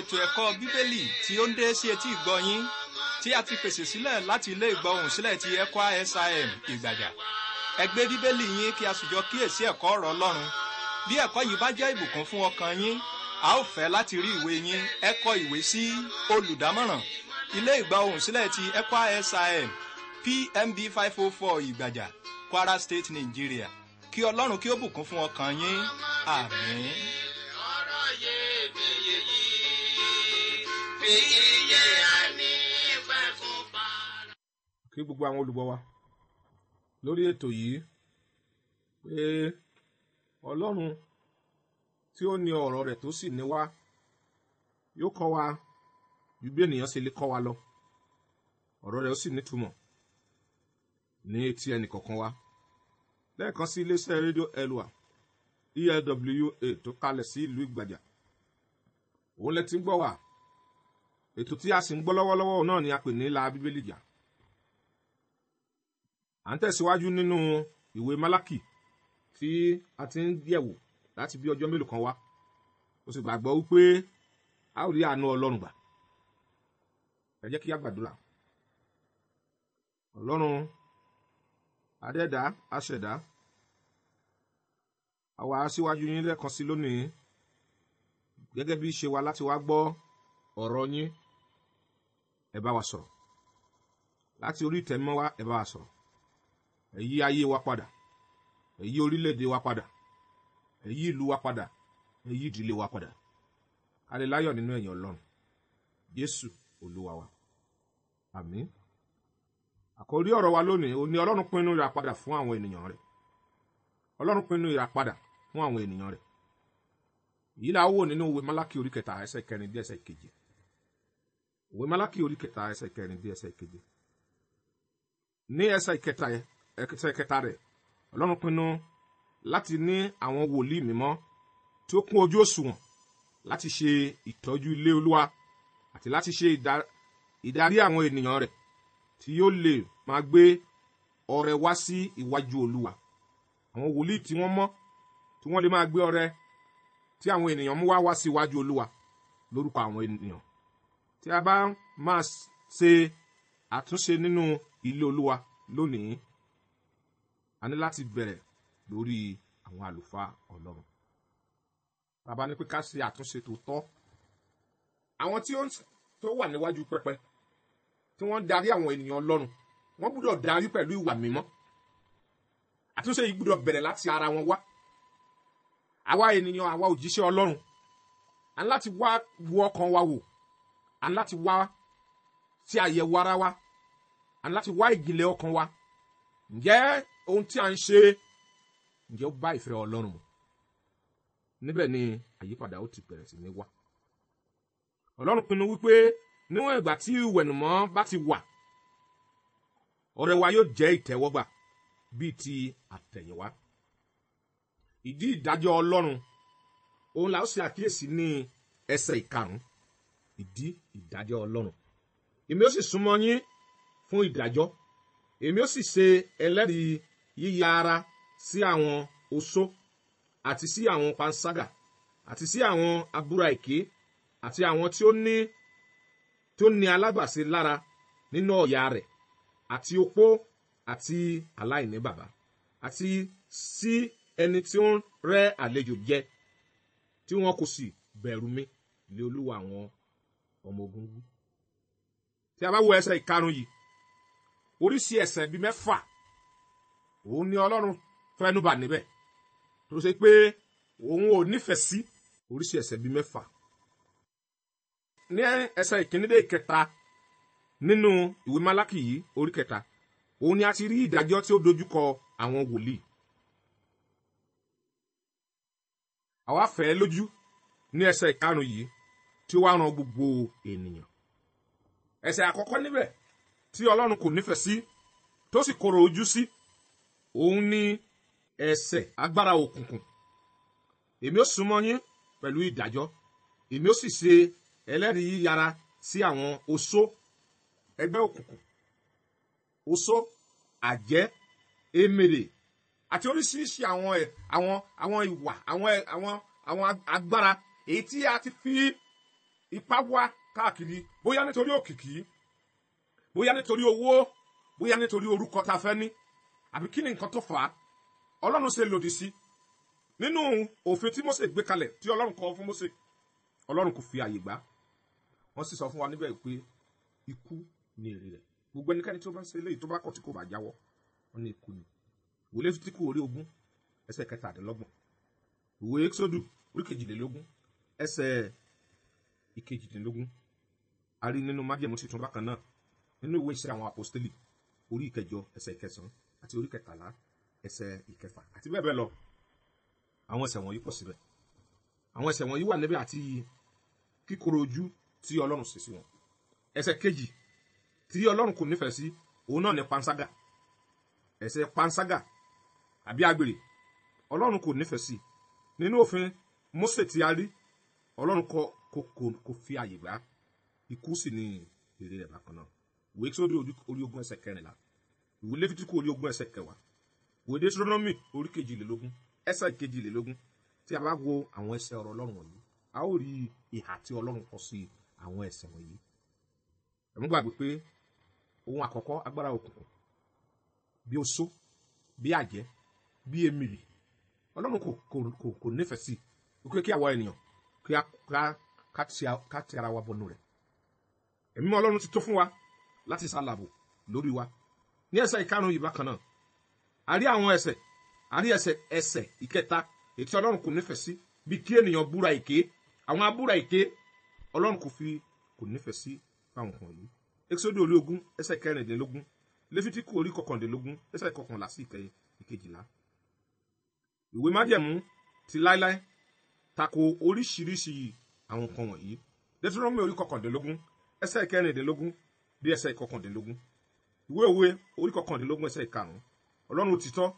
ètò ẹ̀kọ́ bíbélì tí ó ń dé sí etí ìgbọ́ yín tí a ti pèsè sílẹ̀ láti ilé ìgbọ́hùn sílẹ̀ ti ECWA SIM ìgbàjà ẹ bíbélì yín kí a sì jọ kíyèsí ẹ̀kọ́ ọ̀rọ̀ ọlọ́run bí ẹ̀kọ́ yìí bá jẹ́ ìbùkún fún ọkàn yín a ó fẹ́ láti rí ìwé yín ẹ kọ ìwé sí olùdámọ̀ràn ilé ìgbọ́hùn sílẹ̀ ti ECWA SIM PMB 504 ìgbàjà Kwara State Nigeria kí ọlọ́run kí ó bùkún fún ọkàn yín àmín. kí gbogbo àwọn olùgbọ wa lórí ètò yìí pé ọlọ́run tí ó ní ọ̀rọ̀ rẹ̀ tó sì ní wá yóò kọ́ wa ju bí ènìyàn lọ ọ̀rọ̀ rẹ̀ ó sì nítumọ̀ ní etí ẹnìkọ̀ọ̀kan wa lẹ́ẹ̀kan sí iléeṣẹ́ rédíò elwa e elwa tó kalẹ̀ sí ìlú ìgbàjà òun lẹ ti ń ètò tí a sì ń gbọ́ lọ́wọ́lọ́wọ́ náà ni a pè ní la bíbélì jà à ń tẹ̀síwájú nínú ìwé málákì tí a ti ń yẹ̀wò láti bí ọjọ́ mélòó kan wá ó sì gbàgbọ́ wípé a ó rí àánú ọlọ́run gbà ẹ jẹ́ kí a gbàdúrà ọlọ́run adẹ́dá aṣẹ̀dá àwa aṣíwájú yín lẹ́ẹ̀kan sí lónìí gẹ́gẹ́ bí ṣe wa láti wá gbọ́ ọ̀rọ̀ yín ɛbá wa sọ̀rọ̀ láti orí ìtẹ̀mọ́ wa ẹ̀bá wa sọ̀rọ̀ ẹ yí ayé wa padà ẹ yí orílẹ̀-èdè wa padà ẹ yí ìlú wa padà ẹ yí ìdílé wa padà ká lè láyọ̀ nínú ẹ̀yìn ọlọ́run Jésù olúwa wa àmín àkórí ọ̀rọ̀ wa lónìí o ní ọlọ́run pinnu ìràpadà fún àwọn ènìyàn rẹ̀ ọlọ́run pinnu ìràpadà fún àwọn ènìyàn rẹ̀ èyí la wò nínú ìwé Málákì orí kẹta ẹsẹ̀ kẹrin dé ẹsẹ̀ kejì ìwé Málákì orí kẹta ẹsẹ̀ kẹrin dé ẹsẹ̀ keje ní ẹsẹ̀ ìkẹta ẹsẹ̀ ìkẹta rẹ̀ Ọlọ́run pinnu láti ní àwọn wòlíì mímọ́ tí ó kún ojú òṣùwọ̀n láti ṣe ìtọ́jú ilé Olúwa àti láti ṣe ìdarí àwọn ènìyàn rẹ̀ tí yóò lè máa gbé ọrẹ wá sí iwájú Olúwa àwọn wòlíì tí wọ́n mọ́ tí wọ́n lè máa gbé ọrẹ tí àwọn ènìyàn mú wá wá sí iwájú Olúwa lórúkọ àwọn ènìyàn tí a bá máa ṣe àtúnṣe nínú ilé olúwa lónìí a ní láti bẹ̀rẹ̀ lórí àwọn àlùfáà ọlọ́run bàbá ní pé ká ṣe àtúnṣe tó tọ́ àwọn tí ó tó wà níwájú pẹpẹ tí wọ́n darí àwọn ènìyàn ọlọ́run wọ́n gbúdọ̀ darí pẹ̀lú ìwà mímọ́ àtúnṣe yìí gbúdọ̀ bẹ̀rẹ̀ láti ara wọn wá àwa ènìyàn àwa òjíṣẹ́ ọlọ́run a ní láti wá wo ọkàn wa wò a ní láti wá sí àyẹ̀wò ara wa a ní láti wá ìjìnlẹ̀ ọkàn wa ǹjẹ́ ohun tí a ń ṣe ǹjẹ́ ó bá ìfẹ́ ọlọ́run mu níbẹ̀ ni àyípadà ó ti bẹ̀rẹ̀ sí ní wá ọlọ́run pinnu wípé níwọ̀n ìgbà tí ìwẹ̀nùmọ́ bá ti wà ọrẹ wa yóò jẹ́ ìtẹ́wọ́gbà bíi ti àtẹ̀yìnwá ìdí ìdájọ́ ọlọ́run òun la ṣe àkíyèsí ní ẹsẹ̀ ìkarùn-ún ìdí ìdájọ́ ọlọ́run èmi ó sì súnmọ́ yín fún ìdájọ́ èmi ó sì ṣe ẹlẹ́rìí yíya ara sí àwọn oṣó àti sí àwọn panṣágà àti sí àwọn abúra èké àti àwọn tí ó ní tí ó ní alágbàṣe lára nínú ọ̀yà rẹ̀ àti opó àti aláìní bàbá àti sí ẹni tí ó ń rẹ́ àlejò jẹ tí wọn kò sì bẹ̀rù mi ní olúwa àwọn ọmọ ogun wú. tí a bá wo ẹsẹ̀ ìkarùn yìí oríṣi ẹ̀ṣẹ̀ bíi mẹ́fà òun ni ọlọ́run fẹ́nubà níbẹ̀ tó ṣe pé òun ò nífẹ̀ẹ́ sí oríṣi ẹ̀ṣẹ̀ bíi mẹ́fà. ní ẹsẹ̀ ìkíní dé ìkẹta nínú ìwé málákì yìí orí kẹta òun ni a ti rí ìdájọ́ tí ó dojúkọ àwọn wòlíì. àwa fẹ́ lójú ní ẹsẹ̀ ìkarùn yìí tí ó wá ran gbogbo ènìyàn. ẹ̀ṣẹ̀ àkọ́kọ́ níbẹ̀ tí ọlọ́run kò nífẹ̀ẹ́ sí tó sì korò ojú sí òun ni ẹ̀ṣẹ̀ agbára òkùnkùn èmi ó súnmọ́ yín pẹ̀lú ìdájọ́ èmi ó sì ṣe ẹlẹ́rìí yíyara sí àwọn oṣó ẹgbẹ́ òkùnkùn oṣó àjẹ́ emèrè àti oríṣiríṣi àwọn àwọn àwọn ìwà àwọn àwọn àwọn agbára èyí tí a ti fi ipá wá káàkiri bóyá nítorí òkìkí bóyá nítorí owó bóyá nítorí orúkọ tá a fẹ́ ní àbí kí ni nǹkan tó fà á ọlọ́run ṣe lòdì sí nínú òfin tí Mósè gbé kalẹ̀ tí ọlọ́run kọ fún Mósè ọlọ́run kò fi àyè gbà wọ́n sì sọ fún wa níbẹ̀ pé ikú ni èrè rẹ̀ gbogbo ẹnikẹ́ni tó bá ṣe eléyìí tó bá kọ̀ tí kò bá jáwọ́ wọn ní ikú ni ìwé Léfítíkù orí ogún ẹsẹ̀ kẹtàdínlọ́gbọ̀n ìwé Éksódù orí kejìlélógún ẹsẹ̀ ìkejìdínlógún a rí nínú májẹ̀mú tuntun bákan náà nínú ìwé iṣẹ́ àwọn apostoli orí ìkẹjọ ẹsẹ̀ ìkẹsàn àti orí kẹtàlá ẹsẹ̀ ìkẹfà àti bẹ́ẹ̀ bẹ́ẹ̀ lọ àwọn ẹsẹ̀ wọ̀nyí pọ̀ síbẹ̀ àwọn ẹsẹ̀ wọ̀nyí wà níbẹ̀ àti kíkorò ojú tí ọlọ́run sì sí wọn ẹsẹ̀ kejì tí ọlọ́run kò nífẹ̀ẹ́ sí òun náà ní panṣágà ẹsẹ̀ panṣágà àbí àgbèrè ọlọ́run kò nífẹ̀ẹ́ sí nínú òfin Mósè tí a rí ọlọ́run kọ kókó kó fi àyè gbá ikú sì ní èrè rẹ̀ bákan náà ìwé Ẹ́kísódù orí ogún ẹsẹ̀ kẹrìnlá ìwé Léfítíkù orí ogún ẹsẹ̀ kẹwàá ìwé Deuteronomy orí kejìlélógún ẹsẹ̀ kejìlélógún tí a bá wo àwọn ẹsẹ̀ ọ̀rọ̀ Ọlọ́run wọ̀nyí a ó rí ìhà tí Ọlọ́run kọ sí àwọn ẹsẹ̀ wọ̀nyí ẹ̀mú gbàgbé pé ohun àkọ́kọ́ agbára òkùnkùn bí oṣó bí àjẹ́ bí emìrì Ọlọ́run kò kò kò nífẹ̀ẹ́ sí i ó ènìyàn kí a ká ti ara wa bọ̀nù rẹ̀ ẹ̀mí mọ́ ọlọ́run ti tó fún wa láti sálàbò lórí wa ní ẹsẹ̀ ìkarùn yìí bákan náà a rí àwọn ẹsẹ̀ a rí ẹsẹ̀ ẹsẹ̀ ìkẹta ètí ọlọ́run kò nífẹ̀ẹ́ sí bí kí ènìyàn búra èké àwọn abúra èké ọlọ́run kò fi kò nífẹ̀ẹ́ sí báwọn kan yìí exodo orí ogún ẹsẹ̀ kẹrìndínlógún lefitiku orí kọkàndínlógún ẹsẹ̀ kọkànlá sí ìkẹyìn ìkejìlá ìwé májẹ̀mú ti láéláé tako oríṣiríṣi àwọn nǹkan wọ̀nyí Défúrọ́mì orí kọkàndínlógún ẹsẹ̀ kẹrìndínlógún dé ẹsẹ̀ kọkàndínlógún ìwé òwe orí kọkàndínlógún ẹsẹ̀ karùn-ún Ọlọ́run òtítọ́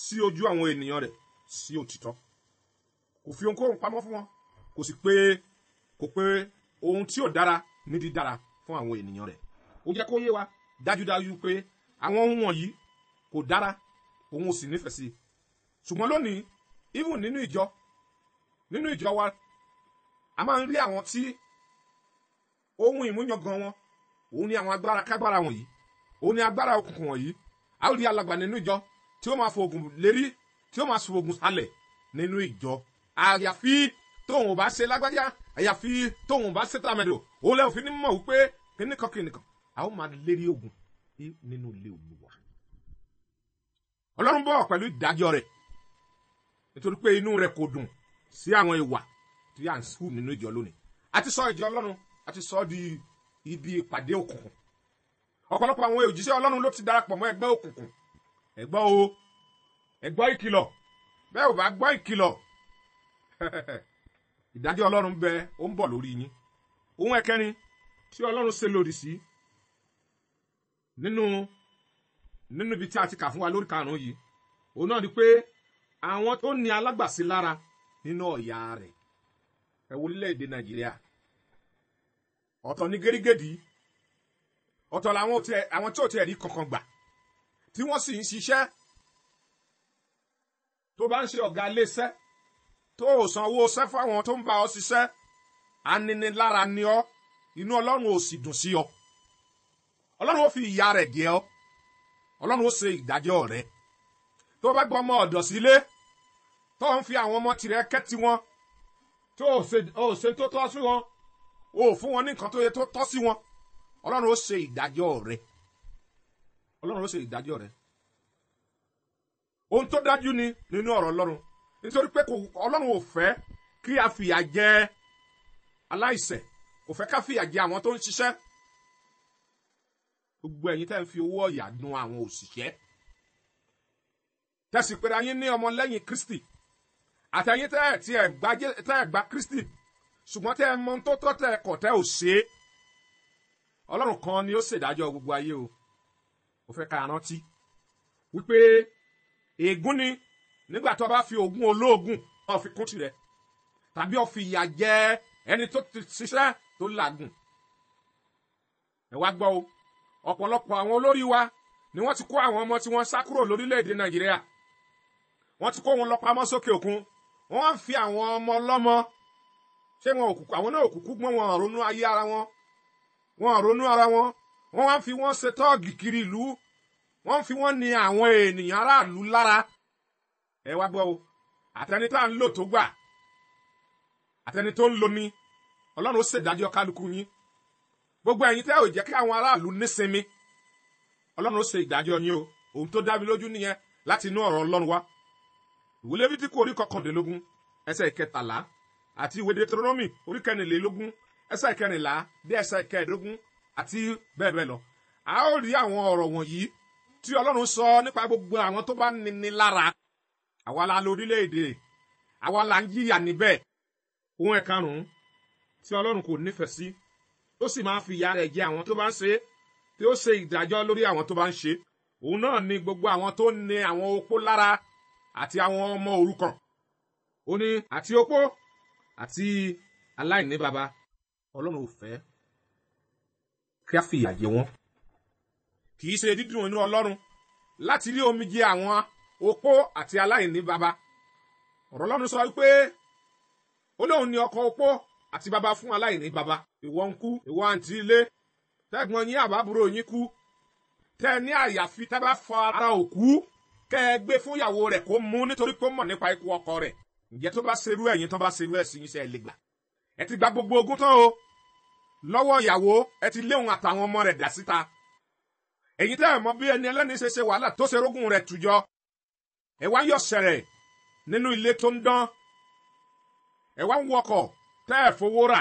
sí ojú àwọn ènìyàn rẹ̀ sí òtítọ́ kò fi ohunkóhun pamọ́ fún wọn kò sì pé kò pé ohun tí ò dára ní dídára fún àwọn ènìyàn rẹ̀ ó jẹ́ kó yé wa dájúdájú pé àwọn ohun wọ̀nyí kò dára òun ò sì nífẹ̀ẹ́ sí i ṣùgbọ́n lónìí even nínú ìjọ nínú ìjọ wa a máa ń rí àwọn tí ohun ìmúyangàn wọn òun ni àwọn agbára kágbára wọ̀nyí òun ni agbára òkùnkùn wọ̀nyí a ó rí alàgbà nínú ìjọ tí ó máa fògùn lérí tí ó máa fògùn sálẹ̀ nínú ìjọ àyàfi tóun bá ṣe lágbájá àyàfi tóun bá ṣe tàmẹ̀dò òun lẹ́yìn òfin mọ̀ wípé kíníkan kíníkan a ó máa lérí ogun nínú ilé olúwa ọlọ́run bọ̀ pẹ̀lú ìdájọ́ rẹ̀ nítorí pé inú rẹ̀ kò dùn sí àwọn ìwà tí à ń sùn nínú ìjọ lónìí àti sọ ìjọ ọlọ́run àti sọ di ibi ìpàdé òkùnkùn ọ̀pọ̀lọpọ̀ àwọn òjíṣẹ́ ọlọ́run ló ti darapọ̀ mọ́ ẹgbẹ́ òkùnkùn ẹgbọ́ o ẹgbọ́ ìkìlọ̀ bẹ́ẹ̀ ò bá gbọ́ ìkìlọ̀ ìdájọ́ ọlọ́run bẹ ó ń bọ̀ lórí yín ohun ẹ̀kẹrin tí ọlọ́run ṣe lòdì sí nínú nínú ibi tí a ti kà fún wa lórí karùn-ún yìí òun náà ni pé àwọn tó ní alágbàsí lára nínú ọ̀yà rẹ̀ ẹ wo orílẹ̀-èdè nàìjíríà ọ̀tọ̀ ní gẹ́rígẹ́dì ọ̀tọ̀ làwọn tí ò tiẹ̀ rí kankan gbà tí wọ́n sì ń ṣiṣẹ́ tó bá ń ṣe ọ̀gá iléeṣẹ́ tó ò sanwó ṣẹ́ fáwọn tó ń bá ọ ṣiṣẹ́ aninilára ni ọ inú ọlọ́run ò sì dùn sí ọ ọlọ́run ó fi ìyà rẹ̀ dí ọ ọlọ́run ó ṣe ìdájọ́ rẹ̀ tó bá gbọ́ ọmọ ọ̀dọ̀ sílé tó ń fi àwọn ọmọ tirẹ̀ kẹ́ tiwọn tó o ṣe tó tọ́ sí wọn o ò fún wọn ní nǹkan tó yẹ tó tọ́ sí wọn ọlọ́run ó ṣe ìdájọ́ rẹ ọlọ́run ó ṣe ìdájọ́ rẹ ohun tó dájú ni nínú ọ̀rọ̀ ọlọ́run nítorí pé ọlọ́run ò fẹ́ kí a fìyà jẹ aláìṣẹ̀ kò fẹ́ ká fìyà jẹ àwọn tó ń ṣiṣẹ́ gbogbo ẹ̀yin tẹ́ ń fi owó ọ̀yà dun àwọn òṣìṣẹ́ tẹ̀sí pé ayé ní ọmọlẹ́yìn Kristi àtẹ̀yìn tẹ́ ẹ̀ tí ẹ̀ gba tẹ́ ẹ̀ gba kristi ṣùgbọ́n tẹ́ ẹ mọ tó tọ́ tẹ́ ẹ kọ̀ tẹ́ ò ṣe é ọlọ́run kan ni ó ṣèdájọ́ gbogbo ayé o ò fẹ́ ká rántí wípé ègún ni nígbà tó bá fi ogún olóògùn náà fi kún tirẹ̀ tàbí ó fi ìyà jẹ ẹni tó ti ṣiṣẹ́ tó làgùn ẹ wá gbọ́ o ọ̀pọ̀lọpọ̀ àwọn olórí wa ni wọ́n ti kó àwọn ọmọ tí wọ́n sá kúrò lórílẹ̀‐èdè nàìjíríà wọ́n ti kó wọn lọ pamọ́ sókè òkun wọ́n fi àwọn ọmọ ọlọ́mọ ṣé wọn òkùnkùn àwọn náà òkùnkùn gbọ́n wọn ronú ayé ara wọn wọn ronú ara wọn wọ́n wá fi wọ́n ṣe tọ́ọ̀gì kiri ìlú wọ́n fi wọ́n ní àwọn ènìyàn aráàlú lára ẹ wá gbọ́ o àtẹni tá à ń lò tó gbà àtẹni tó ń lo ni ọlọ́run ó ṣèdájọ́ kálukú yín gbogbo ẹ̀yin tẹ́ ò jẹ́ kí àwọn aráàlú nísinmi ọlọ́run ó ṣe yín o ohun tó dá lójú nìyẹn láti inú ọ̀rọ̀ ọlọ́run wá ìwé lẹ́fítíkù orí kọkàndínlógún ẹsẹ̀ ìkẹtàlá àti ìwé deuteronomy orí kẹrìnlélógún ẹsẹ̀ ìkẹrìnlá dé ẹsẹ̀ ìkẹẹ̀dógún àti bẹ́ẹ̀ bẹ́ẹ̀ lọ. a ó rí àwọn ọ̀rọ̀ wọ̀nyí tí ọlọ́run sọ nípa gbogbo àwọn tó bá níni lára àwa la lo orílẹ̀-èdè àwa la ń yíyà níbẹ̀ ohun ẹ̀karùn-ún tí ọlọ́run kò nífẹ̀ẹ́ sí tó sì máa ń fi ìyà rẹ̀ jẹ àwọn tó bá ń ṣe é tí ó ṣe ìdájọ́ lórí àwọn tó bá ń ṣe òun náà ni gbogbo àwọn tó ń ni àwọn opó lára àti àwọn ọmọ òrukàn ó ní àti opó àti aláìní baba ọlọ́run ò fẹ́ kí a fìyà jẹ wọ́n. kì í ṣe dídùn inú ọlọ́run láti rí omijé àwọn opó àti aláìní baba ọ̀rọ̀ ọlọ́run sọ wípé ó lóun ní ọkọ opó àti baba fún aláìní baba ìwọ ń kú ìwọ àǹtí ilé tẹ́gbọ́n yín àbábúrò yín kú tẹ́ ní àyàfi tẹ́ bá fọ ara òkú kẹ́ ẹ gbé fún ìyàwó rẹ̀ kó mú nítorí kó mọ̀ nípa ikú ọkọ rẹ̀ ǹjẹ́ tó bá serú ẹ̀yin tán bá serú ẹ̀ sí yín sẹ́ ẹ lè gbà ẹ ti gba gbogbo ogún tán o lọ́wọ́ ìyàwó ẹ ti léhun àtàwọn ọmọ rẹ̀ dà síta èyí tẹ́ ẹ̀ mọ̀ bí ẹni ẹlẹ́ni ṣe ṣe wàhálà tó ṣe rógùn rẹ̀ tùjọ ẹ wá yọ ṣẹ̀rẹ̀ nínú ilé tó ń dán ẹ wá ń wọkọ̀ tẹ́ ẹ̀ fowó rà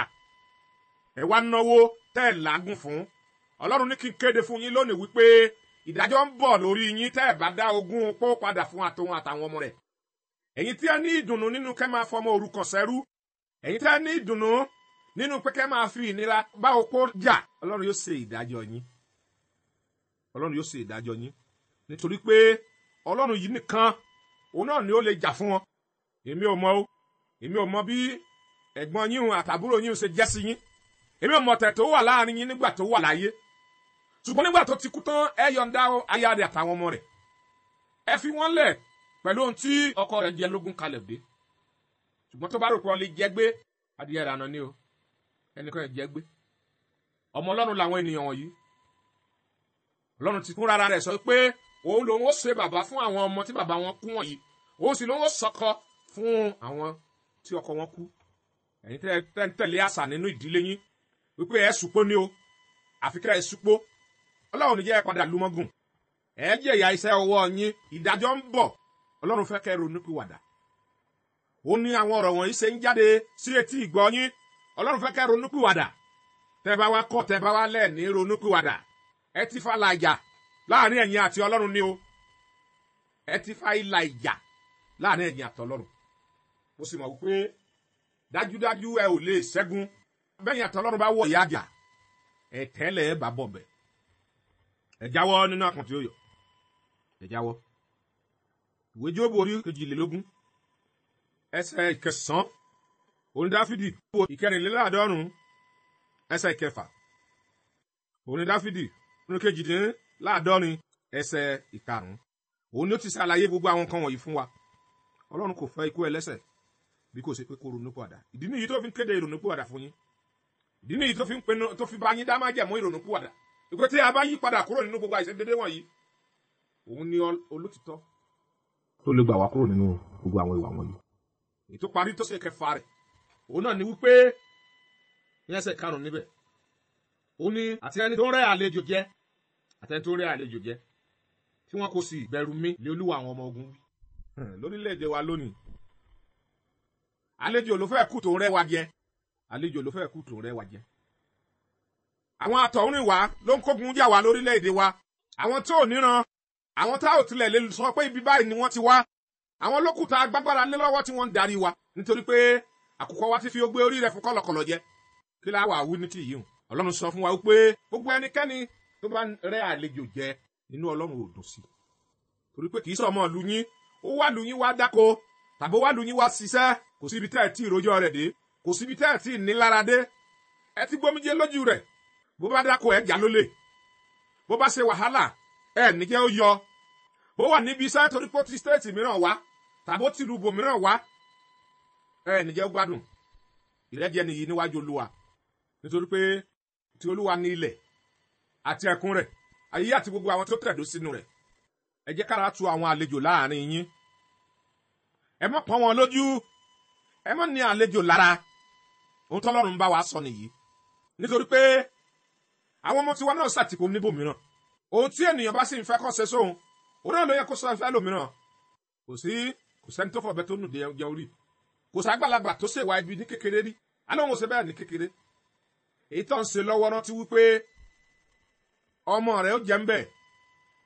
ẹ wá náwó tẹ́ ẹ̀ làágùn fún ọlọ́run ní kí n kéde fún yín lónìí wípé ìdájọ́ ń bọ̀ lórí yín tẹ́ ẹ̀ bá dá ogún pọ́ padà fún àtòun àtàwọn ọmọ rẹ̀. ẹ̀yin tí ẹ ní ìdùnnú nínú kẹ́ máa fọmọ òrukàn sẹ́rú ẹ̀yin tí ẹ ní ìdùnnú nínú pé kẹ́ máa fi ìnira bá opó jà ọlọ́run yóò ṣe ìdájọ́ yín ọlọ́run yóò ṣe ìdájọ́ yín nítorí pé ọlọ́run yìí nìkan òun náà ni ó lè jà fún wọn èmi ò mọ o èmi ò mọ bí ẹ̀gbọ́n yín àtàbúrò yín ṣe jẹ́ sí yín èmi ò mọ tẹ̀ tó wà láàrin yín nígbà tó wà láyé ṣùgbọ́n nígbà tó ti kú tán ẹ yọ̀ǹda aya rẹ̀ àtàwọn ọmọ rẹ̀ ẹ fi wọ́n lẹ̀ pẹ̀lú ohun tí ọkọ rẹ̀ jẹ lógún kalẹ̀ dé ṣùgbọ́n tó bá rò pé wọ́n lè jẹ́ gbé adìyẹ ìlànà ni o ẹnìkan ẹ̀ jẹ́ gbé ọmọ ọlọ́run làwọn ènìyàn wọ̀nyí ọlọ́run ti kún rárá rẹ̀ sọ pé òun lòun ó ṣe bàbá fún àwọn ọmọ tí bàbá wọn kú wọ̀nyí òun sì lòun ó sọkọ fún àwọn tí ọkọ wọn kú ẹ̀yin tẹ́ àṣà nínú ìdílé yín wípé ẹ̀ ṣùpó ni o àfikẹ́ ẹ̀ ṣùpó ọlọ́run níjẹ́ padà lumọ́gùn ẹ jẹ̀yà iṣẹ́ ọwọ́ yín ìdájọ́ ń bọ̀ ọlọ́run fẹ́ kẹ́ ronúpìwàdà ó ní àwọn ọ̀rọ̀ wọ̀nyí ṣe ń jáde sí etí ìgbọ́ yín ọlọ́run fẹ́ kẹ́ ronúpìwàdà tẹ́ bá wá kọ̀ tẹ́ bá wá lẹ̀ ní ronúpìwàdà ẹ ti fa la ìjà láàrin ẹ̀yin àti ọlọ́run ni o ẹ ti fa ìlà ìjà láàrin ẹ̀yin àti ọlọ́run mo sì mọ̀ wípé dájúdájú ẹ ò lè ṣẹ́gun bẹ́yìn àti ọlọ́run bá wọ̀ ìyá ẹ jáwọ́ nínú àkàntì òyò ẹ jáwọ́ ìwé Jóòbù orí kejìlélógún ẹsẹ̀ ìkẹsàn orin Dáfídì wo ìkẹrìnléláàádọ́rùn ẹsẹ̀ ìkẹfà orin Dáfídì orin kejìdínláàádọ́rin ẹsẹ̀ ìkarùn òun ni ó ti ṣàlàyé gbogbo àwọn nǹkan wọ̀nyí fún wa Ọlọ́run kò fẹ́ ikú ẹlẹ́ṣẹ̀ bí kò ṣe pé kó ronúpìwàdà ìdí nìyí tó fi ń kéde ìrònúpìwàdà fún yín ìdí nìyí tó fi ń pinnu tó fi bá yín dá májẹ̀mú ìrònúpìwàdà ìpè tí a bá yí padà kúrò nínú gbogbo àìṣe wọ̀nyí òun ni olótìtọ́ tó lè gbà wá kúrò nínú gbogbo àwọn ìwà wọ̀nyí. ètò parí tó ṣe kẹfà rẹ̀ òun náà ni wípé ní ẹsẹ̀ karùn-ún níbẹ̀ ó ní àti ẹni tó ń rẹ́ àlejò jẹ àti ẹni tó ń rẹ́ àlejò jẹ tí wọ́n kò sì bẹ̀rù mi lé olúwa àwọn ọmọ ogun wí. Hmm, lórílẹ̀‐èdè wa lónìí àlejò ló fẹ́ kù tó ń rẹ́ wa jẹ àlejò ló fẹ́ kù tó ń rẹ́ wa jẹ àwọn àtọ̀húnrìnwá ló ń kógun jà wá lórílẹ̀‐èdè wa àwọn tí ò níran àwọn tá ò tilẹ̀ lè sọ pé ibi báyìí ni wọ́n ti wá àwọn lókùtà agbágbára lé lọ́wọ́ tí wọ́n ń darí wa nítorí pé àkùkọ wa ti fi ogbé orí rẹ̀ fún kọ̀lọ̀kọ̀lọ̀ jẹ kí la wà wú ní ti yìí ọlọ́run sọ fún wa pé gbogbo ẹnikẹ́ni tó bá rẹ́ àlejò jẹ inú ọlọ́run ò dùn sí torí pé kì í sọmọ lu yín ó wá lu yín wá dáko tàbó wá lu yín wá ṣiṣẹ́ kò síbi tẹ́ ẹ̀ tí ìrójọ́ rẹ̀ dé kò síbi tẹ́ ẹ̀ tí ìnílára dé ẹ ti gbomijé lójú rẹ̀ bó bá dáko ẹ̀ já lólè bó bá ṣe wàhálà ẹ̀ ní jẹ́ ó yọ ó wà níbi iṣẹ́ torí pé ó ti stéètì mìíràn wá tàbí ó ti rúbò mìíràn wá ẹ̀ ní ó gbádùn ìrẹ́jẹ nìyí níwájú olúwa nítorí pé ti olúwa ni ilẹ̀ àti ẹ̀kún rẹ̀ ayé àti gbogbo àwọn tó tẹ̀dó sínú rẹ̀ ẹ jẹ́ kára tu àwọn àlejò láàrin yín ẹ má pọ́n wọn lójú ẹ má ní àlejò lára ohun tọ́lọ́run bá wa sọ nìyí nítorí pé àwọn ọmọ tiwa náà ṣàtìkò níbòmíràn ohun tí ènìyàn bá sì ń fẹ́ kọ́ ṣe sóhun òun náà ló yẹ kó sọ fẹ́ lòmíràn kò sí kò sẹ́ni tó fọ̀bẹ tó nù jẹ orí kò sàgbàlagbà tó ṣèwà ibi ní kékeré rí alóhùn ṣe bẹ́ẹ̀ ní kékeré èyí tó ń ṣe lọ́wọ́ rántí wípé ọmọ rẹ̀ ó jẹ́ ń bẹ̀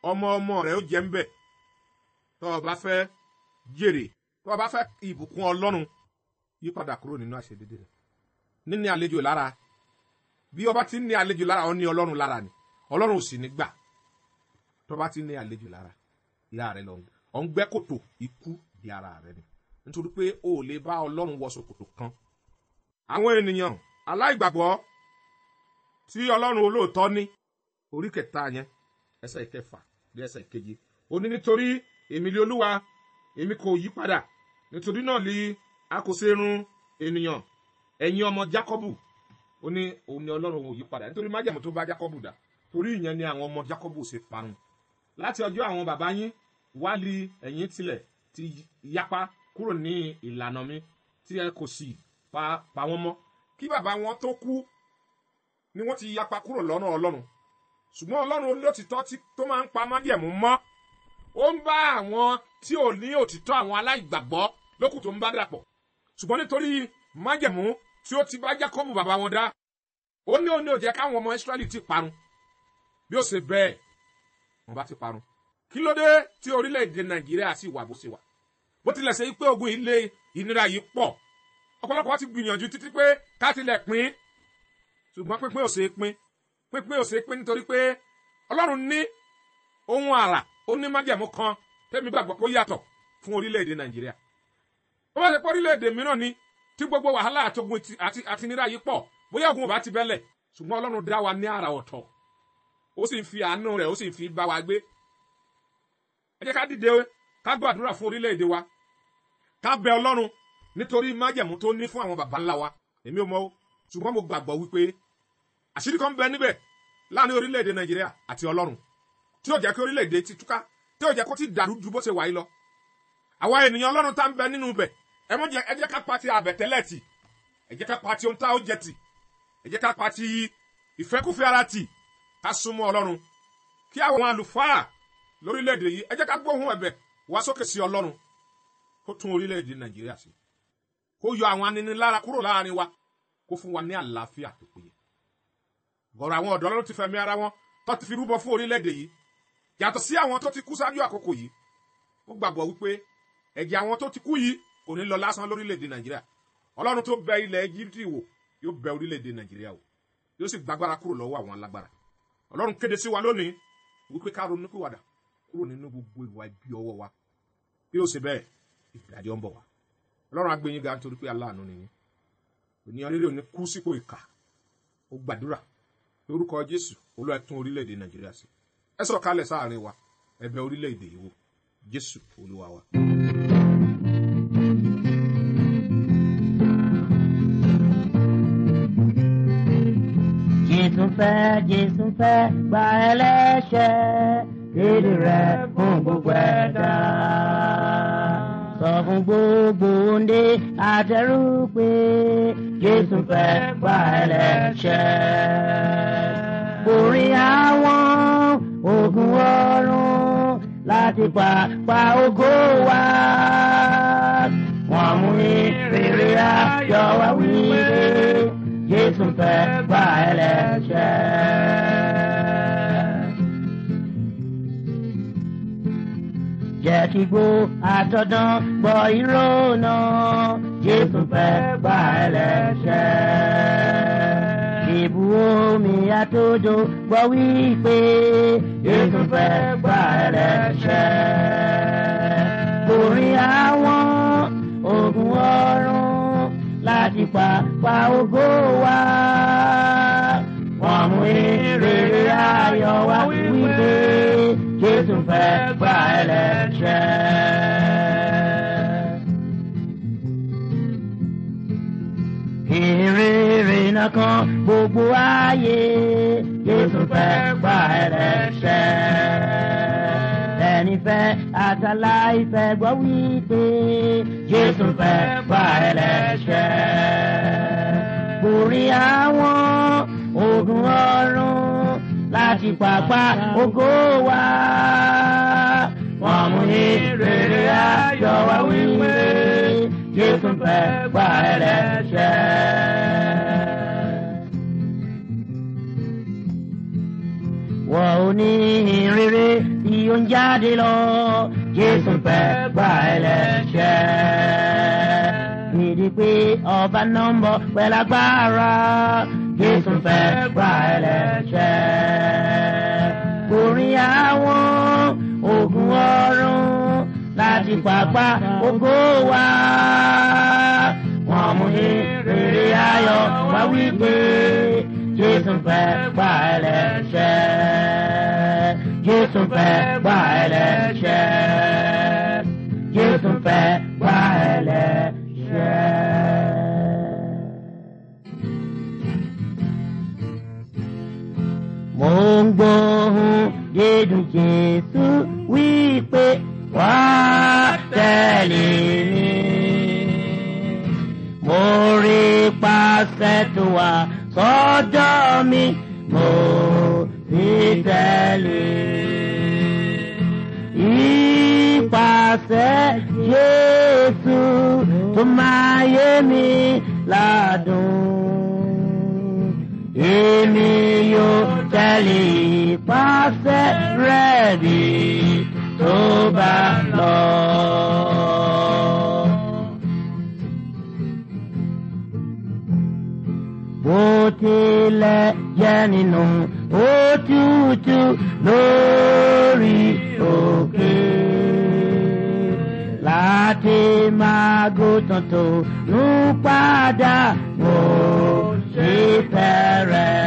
ọmọ ọmọ rẹ̀ ó jẹ́ ń bẹ̀ tó o bá fẹ́ jèrè tó o bá fẹ́ ìbùkún ọlọ́run yípadà kúrò nínú àṣedédé rẹ̀ bí ọba ti ń ní àlejò lára ọ ní ọlọ́run lára ni ọlọ́run ò sì ní gbà tọba ti ń ní àlejò lára ìyá rẹ lọ ọ ń gbẹ́ kòtò ikú di ara rẹ ni nítorí pé o ò lè bá ọlọ́run wọ ṣòkòtò kan. àwọn ènìyàn aláìgbàgbọ́ tí ọlọ́run olóòótọ́ ní orí kẹta yẹn ẹsẹ̀ ìkẹfà bí ẹsẹ̀ ìkeje ó ní nítorí èmi lé olúwa èmi kò yí padà nítorí náà lè a kò ènìyàn ẹ̀yin ọmọ Jákọ́bù ó ní òun ni ọlọ́run òun yí padà nítorí májàmú tó bá jákọ́bù dá torí ìyẹn ni àwọn ọmọ jákọ́bù ṣe parun láti ọjọ́ àwọn bàbá yín wálé ẹ̀yìn tilẹ̀ ti yapa kúrò ní ìlànà mi tí ẹ kò sì pa wọ́n mọ́ kí bàbá wọn tó kú ni wọ́n ti yapa kúrò lọ́nà ọlọ́run ṣùgbọ́n ọlọ́run olótìtọ́ tó máa ń pa májẹ̀mú mọ́ ó ń bá àwọn tí ò ní òtítọ́ àwọn aláìgbàgbọ́ lókù tó ń bá dàpọ̀ ṣùgbọ́n nítorí májẹ̀mú tí ó ti bá Jákọ́bù bàbá wọn dá ó ní òun ní ó jẹ́ káwọn ọmọ Ísírẹ́lì ti parun bí ó ṣe bẹ́ẹ̀ wọ́n bá ti parun kí ló dé tí orílẹ̀-èdè Nàìjíríà sì wà bó ṣe wà bó tilẹ̀ ṣe pé ogun ilé ìnira yìí pọ̀ ọ̀pọ̀lọpọ̀ ti gbìyànjú títí pé ká tilẹ̀ pín ṣùgbọ́n pínpín ò ṣe pín pínpín ò ṣe pín nítorí pé Ọlọ́run ní ohun àrà ó ní májẹ̀mú kan tẹ́mi gbàgbọ́ pé ó yàtọ̀ fún orílẹ̀-èdè Nàìjíríà ó bá ṣe pé orílẹ̀-èdè mìíràn ni tí gbogbo wàhálà àtogun àti nira yìí pọ̀ bóyá ogun ọba ti bẹ́lẹ̀ ṣùgbọ́n ọlọ́run dá wa ní àrà ọ̀tọ̀ ó sì ń fi àánú rẹ̀ ó sì ń fi bá wa gbé ẹ jẹ́ ká dìde ká gbàdúrà fún orílẹ̀-èdè wa ká bẹ ọlọ́run nítorí májẹ̀mú tó ní fún àwọn baba ńlá wa èmi ò mọ̀ o ṣùgbọ́n mo gbàgbọ́ wípé àṣírí kan bẹ níbẹ̀ láàrin orílẹ̀-èdè nàìjíríà àti ọlọ́run tí yóò jẹ́ kí orílẹ̀-èdè ti túká tí yóò jẹ́ kó ti dàrú ju bó ṣe wà yìí lọ àwa ènìyàn ọlọ́run tá ń bẹ nínú bẹ̀ ẹ mọ jẹ ẹ jẹ́ ká pa ti àbẹ̀tẹ́lẹ̀ tì ẹ jẹ́ ká pa ti ohun tá ó jẹ tì ẹ jẹ́ ká pa ti ìfẹ́kùfẹ́ ara tì ká súnmọ́ ọlọ́run kí àwọn àlùfáà lórílẹ̀‐èdè yìí ẹ jẹ́ ká gbóhùn ẹ̀bẹ̀ wá sókè sí ọlọ́run kó tún orílẹ̀‐èdè nàìjíríà sí kó yọ àwọn aninilára kúrò láàrin wa kó fún wa ní àlàáfíà tó péye gọ̀rọ̀ àwọn ọ̀dọ́ ló ti fẹ̀mí ara wọn tó ti fi rúbọ fún orílẹ̀‐èdè yìí yàtọ̀ sí àwọn tó ti kú ṣáájú àkókò yìí ó gbàgbọ́ wípé ẹ̀jẹ̀ àwọn tó ti kú yìí kò ní lọ lásán lórílẹ̀‐èdè nàìjíríà ọlọ́run tó bẹ ilẹ̀ egypte wò yóò bẹ orílẹ̀‐èdè nàìjíríà wò yóò sì gbàgbára kúrò lọ́wọ́ àwọn alágbára ọlọ́run kéde sí wa lónìí wípé ká ronú kíwàdà kúrò nínú gbogbo ìwà ibi ọwọ́ wa bí ó ṣe bẹ́ẹ̀ ìfìdájọ́ ń bọ̀ wá ọlọ́run agbẹ́yìn ga nítorí pé aláàánú nìyí ènìyàn rírì òní kú sípò ìkà ó gbàdúrà lórúkọ jésù olúwa tún orílẹ̀-èdè nàìjíríà sí ẹ sọ̀kalẹ̀ sáàrin wa ẹ bẹ̀ orílẹ̀-èdè yìí wò jésù olúwa wa. Mm -hmm. fẹ́ Jésù fẹ́ gba ẹlẹ́ṣẹ̀ kéde rẹ̀ fún gbogbo ẹ̀dá. sọ fún gbogbo ndé àtẹrù pé Jésù fẹ́ gba ẹlẹ́ṣẹ̀. borí àwọn ogun ọ̀run láti pa pa ògo wa. wọ́n mú ní rere ayọ̀ wá wíwé tún fẹ́ gbà ẹlẹ́ṣẹ̀. jẹ́ kí gbó àtọ̀dán gbọ́ Je náà jésù fẹ́ gbà ẹlẹ́ṣẹ̀. ìbú omi àtòjò gbọ́ wípé jésù fẹ́ gbà ẹlẹ́ṣẹ̀. orin àwọn ogun ọ̀run láti pa pa ògo wa. Wọ́n mú ìrere ayọ̀ wá wípé Jésù fẹ́ gba ẹlẹ́ṣẹ̀. Ìrere iná kan gbogbo ayé Jésù fẹ́ gba ẹlẹ́ṣẹ̀ ẹnifẹ́ àtàlà ìfẹ́ gbọ́ wípé Jésù fẹ́ fà ẹlẹ́ṣẹ̀. Borí àwọn ogun ọ̀run láti pàpà ògo wa. Wọ́n mú ní rere àjọ wa wípé Jésù fẹ́ fà ẹlẹ́ṣẹ̀. wọ́n ò ní ìrere yo ń jáde lọ jésù fẹ́ gba ẹlẹ́ṣẹ̀. nídìí pé ọba nọ́mbọ̀ pẹ̀lú agbára jésù fẹ́ gba ẹlẹ́ṣẹ̀. orin àwọn ogun ọ̀run láti pàpà ògo wa wọ́n mú ní rere ayọ̀ wá wí pé. Jésù fẹ́ gbà ẹlẹ́ṣẹ̀. Jésù fẹ́ gbà ẹlẹ́ṣẹ̀. Jésù fẹ́ gbà ẹlẹ́ṣẹ̀. Mo ń gbóhùn jesu Jésù wípé wá tẹ̀lé Mo rí pàṣẹ tó wà sọ́jọ́ mi mo ti tẹ̀lé. Ìpàṣẹ Jésù tó máa yé mi ládùn. Èmi yóò tẹ̀lé ìpàṣẹ rẹ̀ rí òtílẹ̀ jẹ́ nínú òtútù lórí òkè. Láti máa gò tuntun ń padà mò ṣe pẹ̀rẹ̀.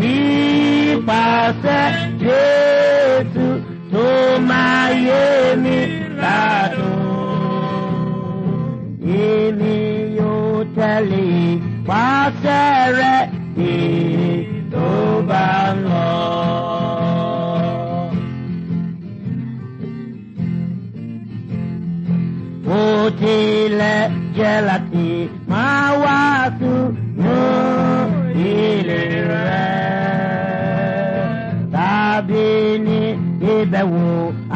Nípasẹ̀ Jésù tó máa yé mi láti. lè pàṣẹ rẹ èyí tó bá ń lọ. Bó tilẹ̀ jẹ́ láti máa wá sùn ní ilé rẹ̀ tàbí ní ibẹ̀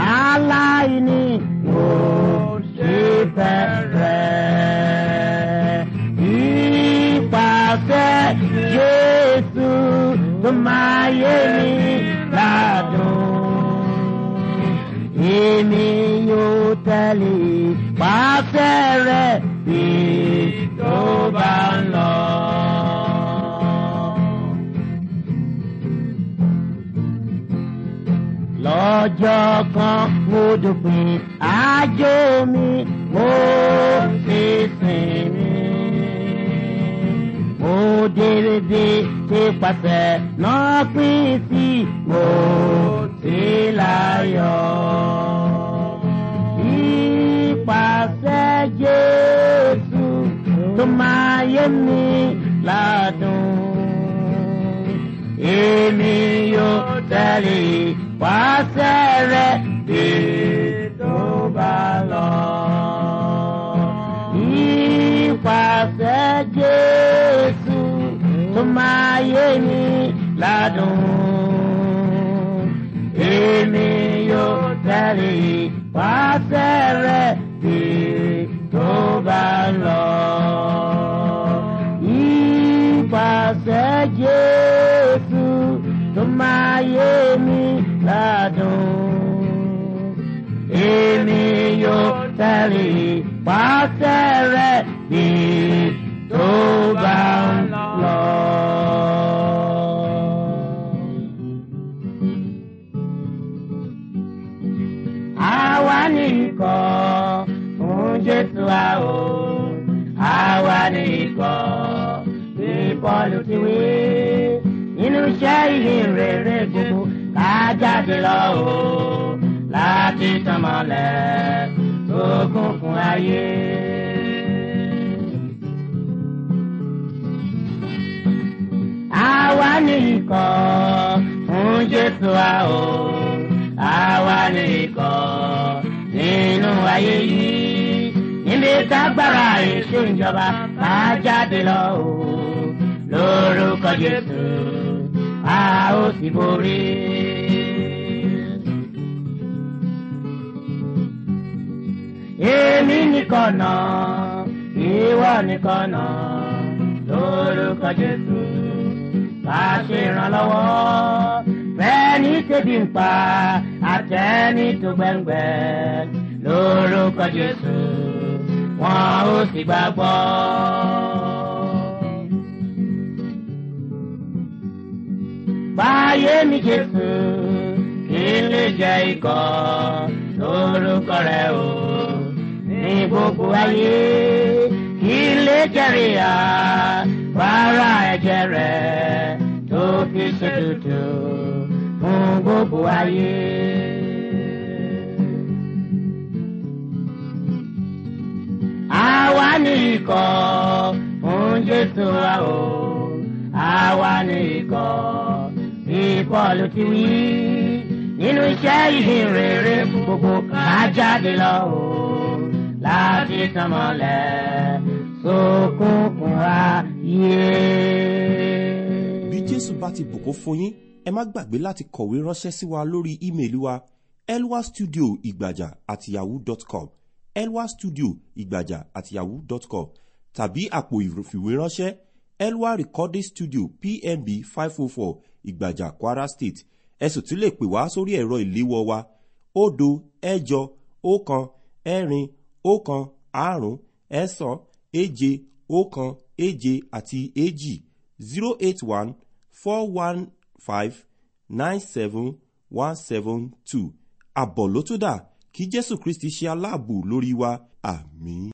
aláìní. máa yé mi ládùn. Èmi yóò tẹ̀lé pàṣẹ rẹ̀ bí tó bá ń lọ. Lọ́jọ́ kan mo dùpẹ́ àjò mi mo fi sìn Mo dèrè dé ti pàṣẹ náà pín sí mo ti láyọ̀. Ìpàṣẹ Jésù tó máa yé mi ládùn. Èmi yóò tẹ̀lé pàṣẹ rẹ̀ dé tó bá lọ. Ìpàṣẹ Jésù tó máa yé mi ládùn. èmi yóò tẹ̀lé wáṣẹ́ rẹ̀ tèrè tó bá lọ. ìpàṣẹ Jésù tó máa yé ládùn. èmi yóò tẹ̀lé wáṣẹ́ rẹ̀ tèrè tó bá lọ. ikọ̀ fún Jésù wa o àwa ni ikọ̀ bí Pọ́ọ̀lù ti wí nínú iṣẹ́ ìhìnrere gbogbo ká jáde lọ o láti tàn mọ́lẹ̀ tó kún fún ayé. àwa ni ikọ̀ fún Jésù wa o àwa ni ikọ̀ nínú ayé yìí níbi tágbára èso ìjọba bá jáde lọ o lórúkọ Jésù a ó sì borí. èmi nìkan náà ìwọ nìkan náà lórúkọ Jésù bá ṣe ìrànlọ́wọ́ fẹ́ni tẹ̀bí ń pa àtẹ́ni tó gbẹ̀ngbẹ̀ lórúkọ Jésù wọn ó sì gbàgbọ́. báyé mi Jésù kí lè jẹ ikọ̀ lórúkọ rẹ o ní gbogbo ayé kí lè jẹrìí à wàrà ẹ̀jẹ̀ rẹ tó fi ṣe tuntun fún gbogbo ayé. àwa ní ikọ̀ fún Jésù wa o àwa ní ikọ̀ ìpọ̀lù ti wí nínú iṣẹ́ ìhìnrere gbogbo ká jáde lọ o láti tàn mọ́lẹ̀ sókùnkùn ayé. bí Jésù bá ti bùkún fún yín ẹ má gbàgbé láti kọ̀wé ránṣẹ́ sí wa lórí ímeèlì wa elwastudio ìgbàjà at yahoo dot com elwa studio ìgbàjà at yahoo.com tàbí àpò ìfìwéránṣẹ́ elwa recording studio pmb five oh four ìgbàjà kwara state ẹ sì tún lè pè wá sórí ẹ̀rọ ìléwọ́ wa òdo ẹ̀jọ ọ̀kan ẹ̀rin Okan, àrún ẹ̀sán èje ọ̀kan èje àti èjì zero eight one four one five nine seven one seven two àbọ̀ ló tún dà kí jésù kristi ṣe aláàbò lórí wa àmín.